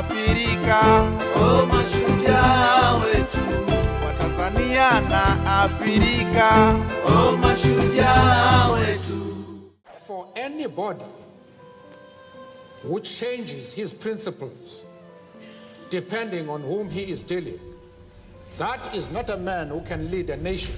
Afrika, o wetu wa Tanzania na Afrika, o wetu. For anybody who changes his principles depending on whom he is dealing, that is not a man who can lead a nation.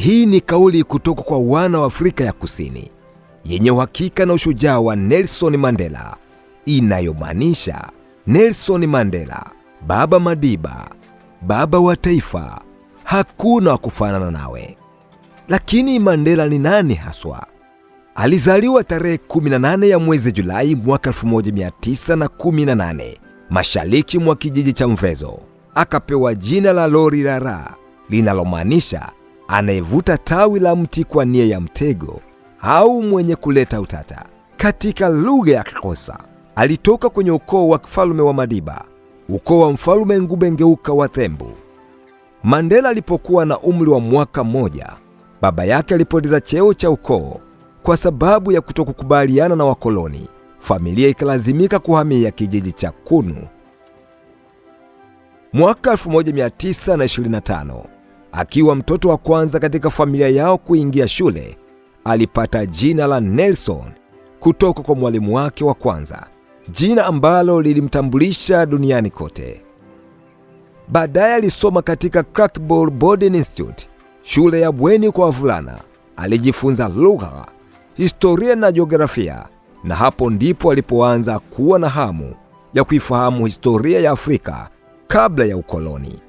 Hii ni kauli kutoka kwa wana wa Afrika ya Kusini yenye uhakika na ushujaa wa Nelson Mandela, inayomaanisha Nelson Mandela, baba Madiba, baba wa taifa, hakuna wa kufanana nawe. Lakini Mandela ni nani haswa? Alizaliwa tarehe 18 ya mwezi Julai mwaka 1918 mashariki mwa kijiji cha Mvezo. Akapewa jina la Lori Rara linalomaanisha anayevuta tawi la mti kwa nia ya mtego au mwenye kuleta utata. Katika lugha ya kakosa alitoka kwenye ukoo wa kifalume wa Madiba, ukoo wa ngube Ngubengeuka wa Thembu. Mandela alipokuwa na umri wa mwaka mmoja, baba yake alipoteza cheo cha ukoo kwa sababu ya kutokukubaliana na wakoloni. Familia ikalazimika kuhamia kijiji cha Kunu mwaka Akiwa mtoto wa kwanza katika familia yao kuingia shule, alipata jina la Nelson kutoka kwa mwalimu wake wa kwanza, jina ambalo lilimtambulisha duniani kote. Baadaye alisoma katika Crackball Boarding Institute, shule ya bweni kwa wavulana. Alijifunza lugha, historia na jiografia, na hapo ndipo alipoanza kuwa na hamu ya kuifahamu historia ya Afrika kabla ya ukoloni.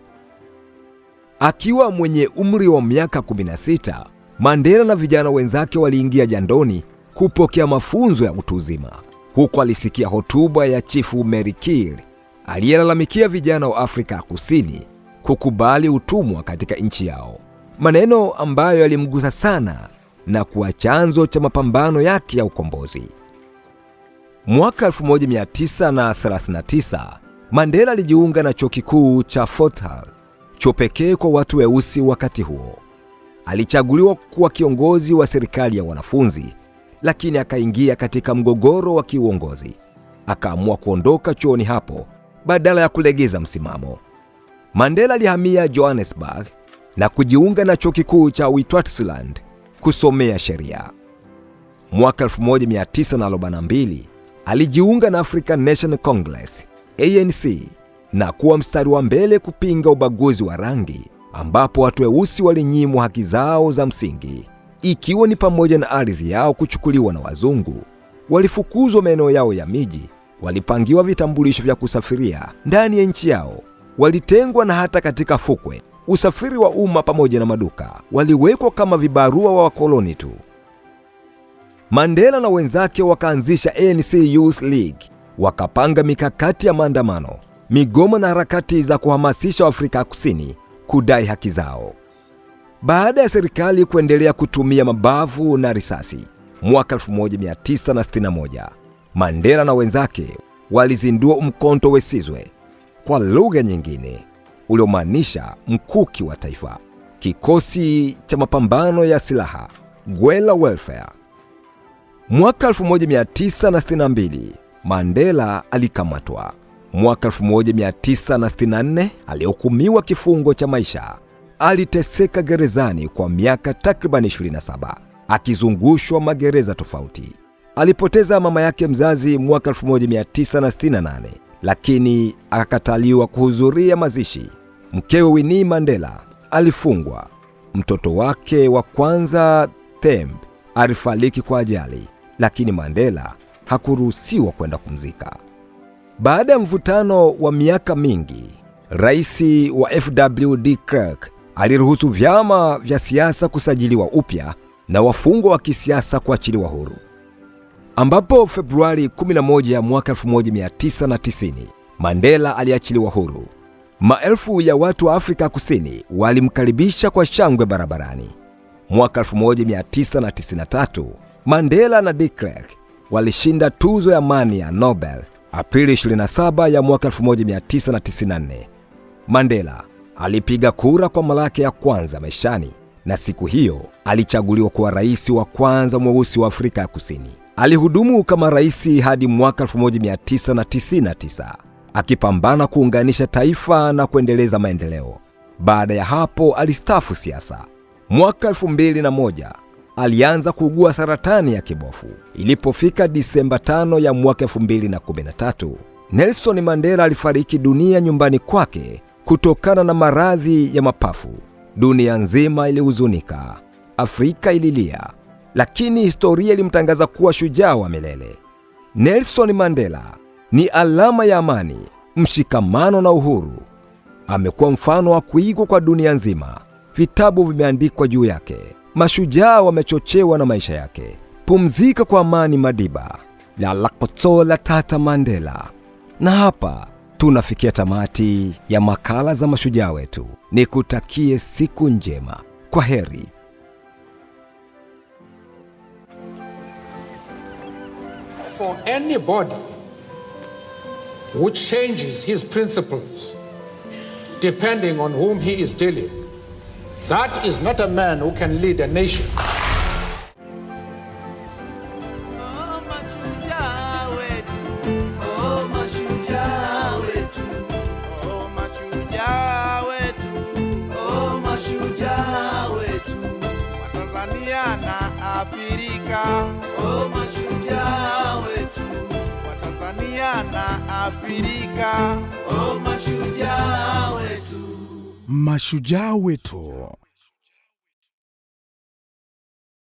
Akiwa mwenye umri wa miaka 16, Mandela na vijana wenzake waliingia jandoni kupokea mafunzo ya utu uzima, huku alisikia hotuba ya Chifu Merikil aliyelalamikia vijana wa Afrika ya Kusini kukubali utumwa katika nchi yao, maneno ambayo yalimgusa sana na kuwa chanzo cha mapambano yake ya ukombozi. Mwaka 1939 Mandela alijiunga na chuo kikuu cha Fort Hare cho pekee kwa watu weusi wakati huo. Alichaguliwa kuwa kiongozi wa serikali ya wanafunzi, lakini akaingia katika mgogoro wa kiuongozi. Akaamua kuondoka chuoni hapo badala ya kulegeza msimamo. Mandela alihamia Johannesburg na kujiunga na chuo kikuu cha Witwatersrand kusomea sheria. Mwaka 1942 alijiunga na African National Congress ANC na kuwa mstari wa mbele kupinga ubaguzi wa rangi, ambapo watu weusi walinyimwa haki zao za msingi, ikiwa ni pamoja na ardhi yao kuchukuliwa na wazungu. Walifukuzwa maeneo yao ya miji, walipangiwa vitambulisho vya kusafiria ndani ya nchi yao, walitengwa na hata katika fukwe, usafiri wa umma pamoja na maduka, waliwekwa kama vibarua wa wakoloni tu. Mandela na wenzake wakaanzisha ANC Youth League, wakapanga mikakati ya maandamano migomo na harakati za kuhamasisha Waafrika Kusini kudai haki zao. Baada ya serikali kuendelea kutumia mabavu na risasi, mwaka 1961 Mandela na wenzake walizindua Umkhonto we Sizwe, kwa lugha nyingine uliomaanisha mkuki wa taifa, kikosi cha mapambano ya silaha Guerrilla Warfare. Mwaka 1962 Mandela alikamatwa mwaka 1964 alihukumiwa kifungo cha maisha. Aliteseka gerezani kwa miaka takriban 27 akizungushwa magereza tofauti. Alipoteza mama yake mzazi mwaka 1968 lakini akakataliwa kuhudhuria mazishi. Mkewe Winnie Mandela alifungwa. Mtoto wake wa kwanza Temb alifariki kwa ajali, lakini Mandela hakuruhusiwa kwenda kumzika. Baada ya mvutano wa miaka mingi, rais wa FW de Klerk aliruhusu vyama vya siasa kusajiliwa upya na wafungwa wa kisiasa kuachiliwa huru, ambapo Februari 11 mwaka 1990 Mandela aliachiliwa huru. Maelfu ya watu wa Afrika Kusini walimkaribisha kwa shangwe barabarani. Mwaka 1993 Mandela na de Klerk walishinda tuzo ya amani ya Nobel Aprili 27 ya mwaka 1994, Mandela alipiga kura kwa mara yake ya kwanza maishani, na siku hiyo alichaguliwa kuwa rais wa kwanza mweusi wa Afrika ya Kusini. Alihudumu kama rais hadi mwaka 1999 akipambana kuunganisha taifa na kuendeleza maendeleo. Baada ya hapo alistaafu siasa. Mwaka 2001 alianza kuugua saratani ya kibofu. Ilipofika Disemba 5 ya mwaka 2013, Nelson Mandela alifariki dunia nyumbani kwake kutokana na maradhi ya mapafu. Dunia nzima ilihuzunika, Afrika ililia, lakini historia ilimtangaza kuwa shujaa wa milele. Nelson Mandela ni alama ya amani, mshikamano na uhuru. Amekuwa mfano wa kuigwa kwa dunia nzima. Vitabu vimeandikwa juu yake. Mashujaa wamechochewa na maisha yake. Pumzika kwa amani Madiba la Lakotsola Tata Mandela. Na hapa tunafikia tamati ya makala za mashujaa wetu. Nikutakie siku njema. Kwa heri. For anybody who changes his principles depending on whom he is dealing That is not a man who can lead a nation. Mashujaa wetu.